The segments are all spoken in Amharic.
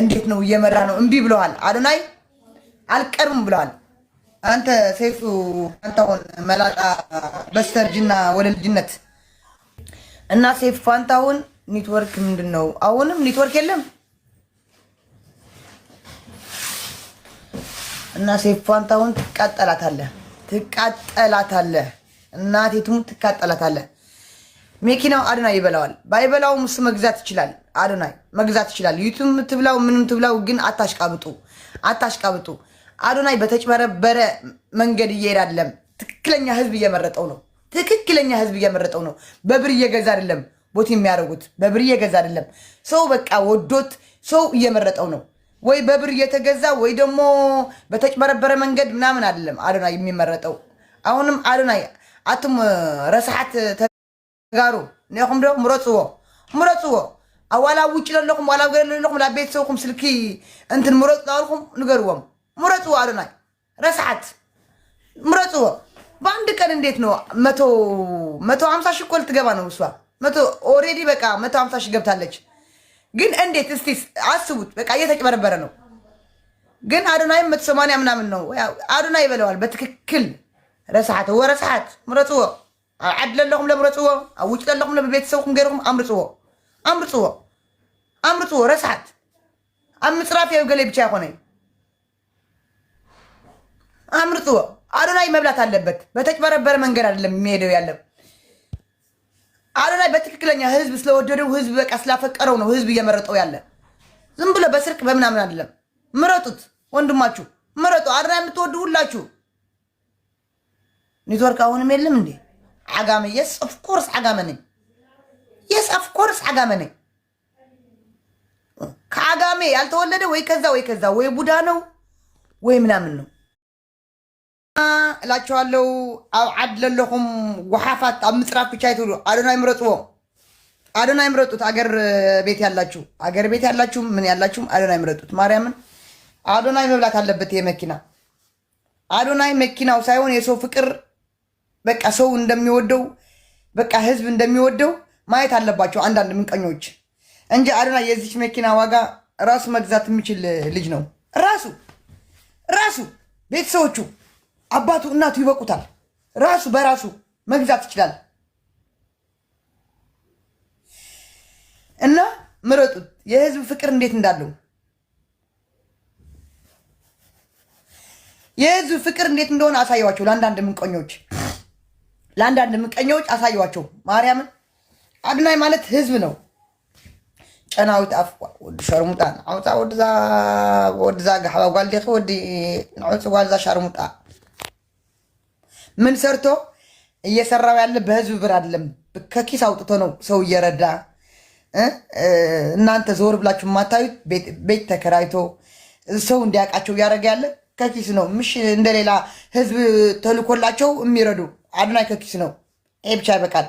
እንዴት ነው እየመራ ነው? እምቢ ብለዋል። አዶናይ አልቀርም ብለዋል። አንተ ሰይፉ ፋንታሁን መላጣ በስተርጅና ወደ ልጅነት እና ሰይፉ ፋንታሁን ኔትወርክ ምንድን ነው? አሁንም ኔትወርክ የለም እና ሰይፉ ፋንታሁን ትቃጠላታለህ፣ ትቃጠላታለህ፣ እናቴቱም ትቃጠላታለህ። መኪናው አዶናይ ይበላዋል። ባይበላውም እሱ መግዛት ይችላል። አዶናይ መግዛት ይችላል። ዩቱብ ትብላው ምንም ትብላው፣ ግን አታሽቃብጡ፣ አታሽቃብጡ። አዶናይ በተጭበረበረ መንገድ እየሄድ አይደለም። ትክክለኛ ህዝብ እየመረጠው ነው። ትክክለኛ ህዝብ እየመረጠው ነው። በብር እየገዛ አይደለም። ቦት የሚያደርጉት በብር እየገዛ አይደለም። ሰው በቃ ወዶት ሰው እየመረጠው ነው። ወይ በብር እየተገዛ ወይ ደግሞ በተጭበረበረ መንገድ ምናምን አይደለም አዶናይ የሚመረጠው። አሁንም አዶናይ አቱም ረስሓት ተጋሩ ንኹም ዶ ምረፅዎ ምረፅዎ ኣዋላ ውጭ ዘለኹም ዋላ ገ ዘለኹም ናብ ቤተሰብኩም ስልኪ እንትን ምረፁ ናበልኩም ንገርዎም ምረፅዎ ኣዶናይ ረስዓት ምረፅዎ በአንድ ቀን እንዴት ነው መቶ መቶ ሀምሳ ሺህ ኮል ትገባ ነው እሷ መቶ ኦልሬዲ በቃ መቶ ሀምሳ ሺህ ገብታለች። ግን እንዴት እስቲ አስቡት። በቃ እየተጭበረበረ ነው። ግን አዶናይም መቶ ሰማንያ ምናምን ነው አዶናይ ይበለዋል በትክክል ረስዓት ወረስዓት ምረፅዎ ኣብ ዓዲ ዘለኹም ለምረፅዎ ኣብ ውጭ ዘለኹም ለቤተሰብኩም ገይርኩም ኣምርፅዎ አምርፅዎ ኣምርፅዎ ረስሓት ኣብ ምፅራፍ የ ገለ ብቻ ይኮነ ኣምርፅዎ ኣዶናይ መብላት አለበት። በተጭበረበረ መንገድ አይደለም የሚሄደው ያለው አዶናይ በትክክለኛ ህዝብ ስለወደደው ህዝብ በቃ ስላፈቀረው ነው ህዝብ እየመረጠው ያለ። ዝም ብሎ በስርቅ በምናምን አይደለም። ምረጡት፣ ወንድማችሁ ምረጡ። አዶናይ የምትወዱ ሁላችሁ። ኔትወርክ አሁንም የለም እንዴ? ዓጋመ የስ ኦፍኮርስ ዓጋመ ነኝ። የስ አፍኮርስ አጋመ ነኝ። ከአጋሜ ያልተወለደ ወይ ከዛ ወይ ከዛ ወይ ቡዳ ነው ወይ ምናምን ነው እላቸዋለሁ። ኣብ ዓድ ዘለኹም ወሓፋት ኣብ ምፅራፍ ብቻ ይትብሉ ኣዶና ይምረጥዎ ኣዶና ይምረጡት። አገር ቤት ያላችሁ አገር ቤት ያላችሁ ምን ያላችሁም አዶና ይምረጡት። ማርያምን አዶናይ መብላት አለበት። መኪና አዶናይ መኪናው ሳይሆን የሰው ፍቅር በቃ ሰው እንደሚወደው በቃ ህዝብ እንደሚወደው ማየት አለባቸው አንዳንድ ምንቀኞች እንጂ አዶናይ የዚች መኪና ዋጋ ራሱ መግዛት የሚችል ልጅ ነው። ራሱ ራሱ ቤተሰቦቹ አባቱ እናቱ ይበቁታል። ራሱ በራሱ መግዛት ይችላል። እና ምረጡት። የህዝብ ፍቅር እንዴት እንዳለው የህዝብ ፍቅር እንዴት እንደሆነ አሳየዋቸው። ለአንዳንድ ምንቀኞች ለአንዳንድ ምንቀኞች አሳየዋቸው ማርያምን አድናይ ማለት ህዝብ ነው። ጨናዊት ኣፍ ወዲ ሸርሙጣን ዓውፃ ወዲዛ ጋሕባ ጓልዲኺ ወዲ ንዕፅ ጓልዛ ሸርሙጣ ምን ሰርቶ እየሰራው ያለ በህዝብ ብር አይደለም። ከኪስ አውጥቶ ነው ሰው እየረዳ እናንተ ዞር ብላችሁ የማታዩት ቤት ተከራይቶ ሰው እንዲያውቃቸው እያደረገ ያለ ከኪስ ነው። ምሽ እንደሌላ ህዝብ ተልኮላቸው የሚረዱ አድናይ ከኪስ ነው። ይሄ ብቻ ይበቃል።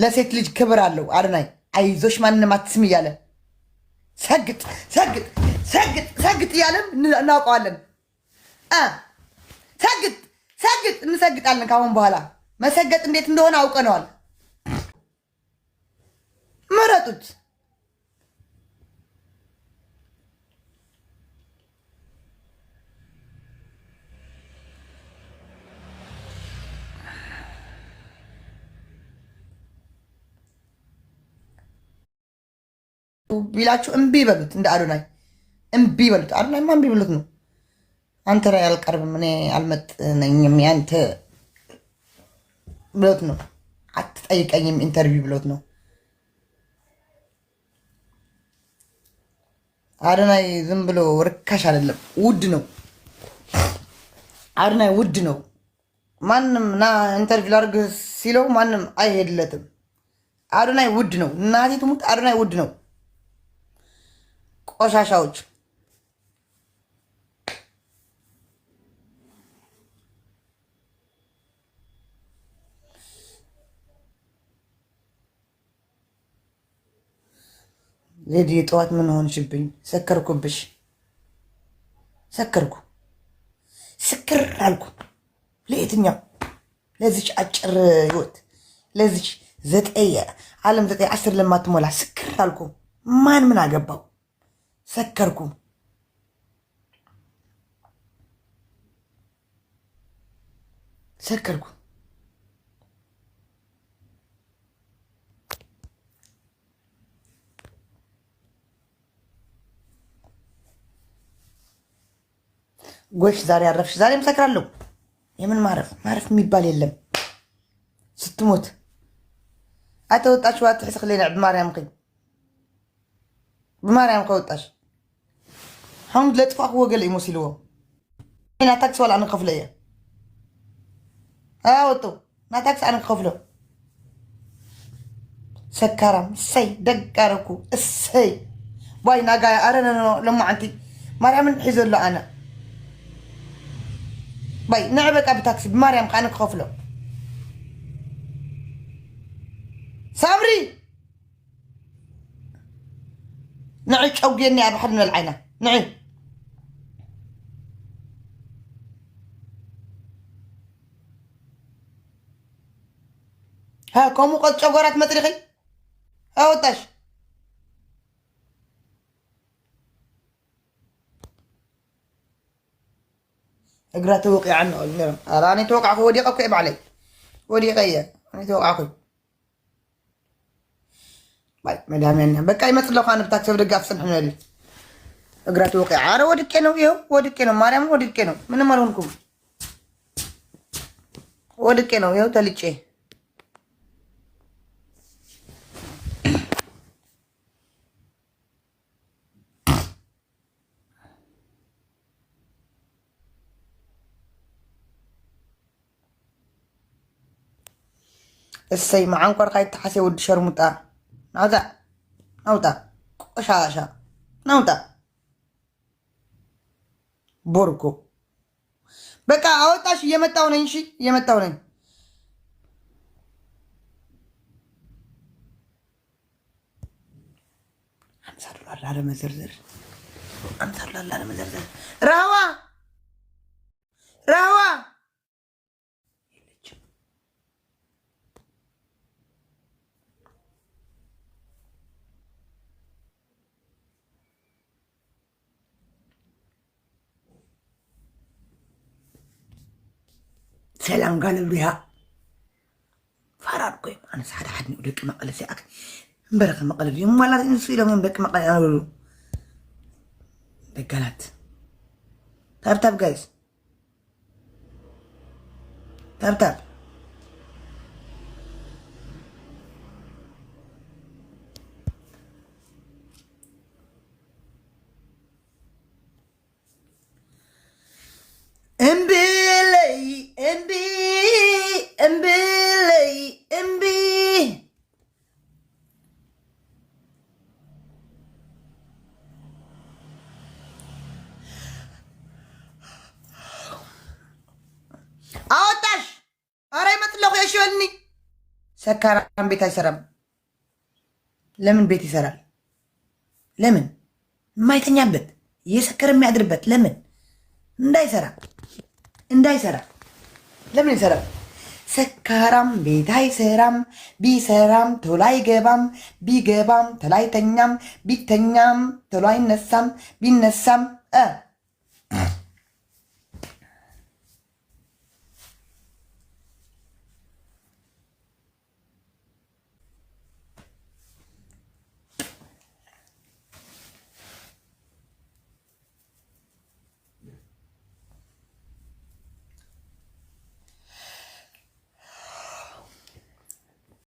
ለሴት ልጅ ክብር አለው አድናይ። አይዞሽ ማንም አትስም እያለ ሰግጥ ሰግጥ ሰግጥ ሰግጥ እያለም እናውቀዋለን። ሰግጥ ሰግጥ እንሰግጣለን። ከአሁን በኋላ መሰገጥ እንዴት እንደሆነ አውቀነዋል። ምረጡት። ቢላችሁ እምቢ በሉት። እንደ አዶናይ እምቢ በሉት። ማ እምቢ በሉት ነው። አንተ ላይ አልቀርብም እኔ አልመጥነኝም ያንተ ብሎት ነው። አትጠይቀኝም ኢንተርቪው ብሎት ነው። አዶናይ ዝም ብሎ ርካሽ አይደለም፣ ውድ ነው። አዶናይ ውድ ነው። ማንም ና ኢንተርቪው ላድርግ ሲለው ማንም አይሄድለትም። አዶናይ ውድ ነው። እናቴ ትሙት፣ አዶናይ ውድ ነው። ቆሻሻዎች ዜድዬ ጠዋት ምን ሆንሽብኝ? ሰከርኩብሽ። ሰከርኩ ስክር አልኩ። ለየትኛው ለዚች አጭር ህይወት ለዚች ዘጠኝ ዓለም ዘጠኝ አስር ለማትሞላ ስክር አልኩ። ማን ምን አገባው? ሰከርኩ። ሰከርኩ። ጎሽ ዛሬ አረፍሽ። ዛሬም ሰክራለሁ። የምን ማረፍ ማረፍ የሚባል የለም። ስትሞት አተወጣሽ ዋትሕስ ክሌ ብማርያም ብማርያም ከወጣሽ حمد لا تفاق هو قال لي موسي هو انا عطاك سؤال عن القفلية ها وطو نعطاك سؤال عن القفلة سكرم سي دقاركو السي باي ناقايا ارانا لما عندي مريم نحزر له انا باي نعبك ابي تاكسي بمريم قانك قفله صبري نعي شوقيني ابي حد من العينه نعي ها كم وقت شغورات مطرخي ها وطاش اقرا توقع عنه المرم راني توقع في وديقه كعب علي وديقيه راني توقع في باي ما دام انا بقى يمثل لو كان بتاكسف دقاف سنحن لي اقرا توقع عار وديكينو يو وديكينو مريم وديكينو من مالهم كوم وديكينو يو تلتشي السي ما عنكر خايت تحسي ود شرمتا نوتا نوتا اشا اشا نوتا بوركو بكا اوتا شي يمتا ونين شي يمتا ونين خمسة دولار على مزرزر خمسة دولار على مزرزر روح سلام قالوا بها فرار قيم أنا سعد حد يقول لك ما قال سيأك برق ما قال اليوم ولا ينسي لهم بك ما قال أنا دقلت تاب طيب، تاب طيب، جايز تاب تاب طيب. ሰካራም ቤት አይሰራም። ለምን ቤት ይሰራል? ለምን የማይተኛበት እየሰከረ የሚያድርበት ለምን እንዳይሰራ እንዳይሰራ ለምን ይሰራል? ሰካራም ቤት አይሰራም። ቢሰራም ቶሎ አይገባም። ቢገባም ቶሎ አይተኛም። ቢተኛም ቶሎ አይነሳም። ቢነሳም